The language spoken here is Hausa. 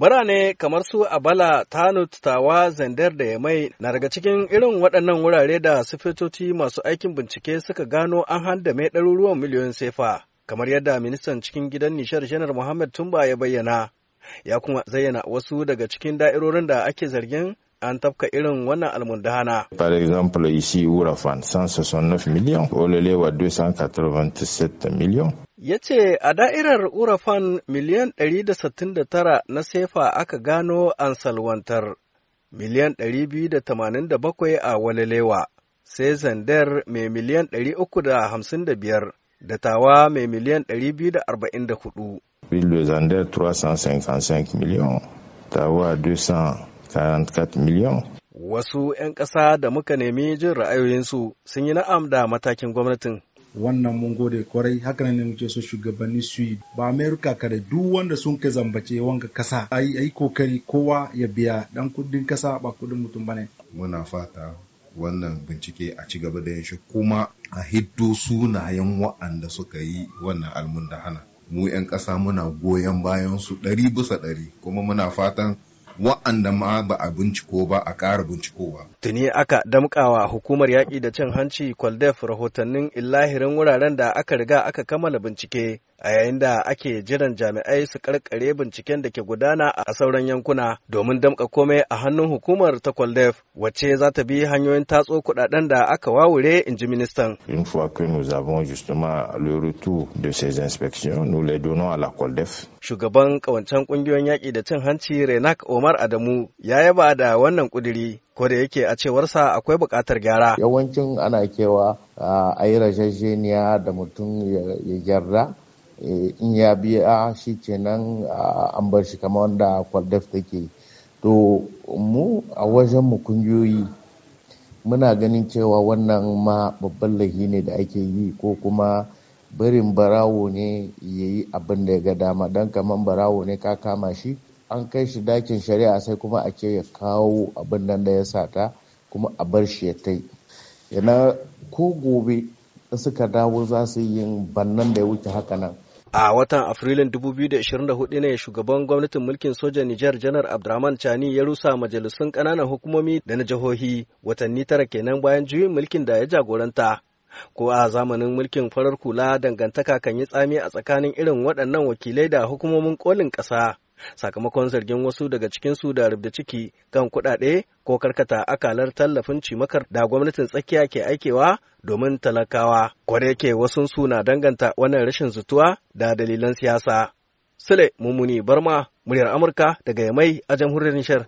Birane kamar su Abala, Tanut, Tawa, Zandar da Yamai na daga cikin irin waɗannan wurare da sifitoci masu aikin bincike suka gano an handame ɗaruruwan miliyoyin sefa, kamar yadda ministan cikin gidan nishar Janar Muhammad Tumba ya bayyana. Ya kuma zayyana wasu daga cikin da'irorin da ake zargin an tafka irin wannan almundana. Par exemple, ici Urafan, 169 millions, Olelewa 287 millions. ya ce a da'irar urafan miliyan 169 na sefa aka gano an salwantar miliyan 287 a walalewa sai zandar mai miliyan 355 da tawa mai miliyan 244 Ville Zander 355 miliyan, Tawa 244 miliyan. Wasu 'yan ƙasa da muka nemi jin ra'ayoyinsu sun yi na'am da matakin gwamnatin. wannan mun gode kwarai haka ne muke so shugabanni su yi ba amerika kada duk wanda sun kai zambace wanga kasa a ayi kokari kowa ya biya dan kudin kasa ba kudin mutum bane muna fata wannan bincike a ci gaba da yanshi kuma a hiddo sunayen wa'anda suka yi wannan almundahana mu 'yan ƙasa muna goyon bayan su ɗari bisa ɗari kuma muna fatan wa'anda ma ba a binciko ba a ƙara ba. Tuni aka damƙawa hukumar yaƙi da cin hanci Kwaldef rahotannin illahirin wuraren da aka riga aka kammala bincike a yayin da ake jiran jami'ai su karkare binciken da ke gudana a sauran yankuna domin damka komai a hannun hukumar ta Kwaldef wacce za ta bi hanyoyin tatso kuɗaɗen da aka wawure in ji ministan. Une fois que nous avons justement le retour de ces inspections, nous les donnons à la Kwaldef. Shugaban kawancan kungiyoyin yaƙi da cin hanci Renak Omar Adamu ya yaba da wannan kuduri ko da yake a cewarsa akwai buƙatar gyara. Yawancin ana kewa a yi da mutum ya gyarra Eh, in ya biya shi kenan an bar shi kama wanda kwaldaf take to mu a wajen mu kungiyoyi muna ganin cewa wannan ma babban lahi ne da ake yi ko kuma barin barawo ne ya yi abin da ya ga dama don kamar barawo ne ka kama shi an kai shi dakin shari'a sai kuma a ce ya kawo abin nan da ya sata kuma a bar shi ya tai yana ko gobe suka dawo za su yi bannan da ya wuce haka nan A watan Afrilun 2024 ne shugaban gwamnatin mulkin sojan Nijar Janar Abdurrahman Chani ya rusa majalisun ƙananan hukumomi da na jihohi watanni tara kenan bayan juyin mulkin da ya jagoranta. Ko a zamanin mulkin farar kula dangantaka kan yi tsami a tsakanin irin waɗannan wakilai da hukumomin kolin ƙasa. Sakamakon zargin wasu daga cikinsu da rubda ciki kan kuɗaɗe ko karkata akalar tallafin cimakar da gwamnatin tsakiya ke aikewa domin talakawa kware ke wasu suna danganta wannan rashin zutuwa da dalilan siyasa. Sule Mummuni Barma, muryar Amurka daga Yamai a jamhuriyar Nishar.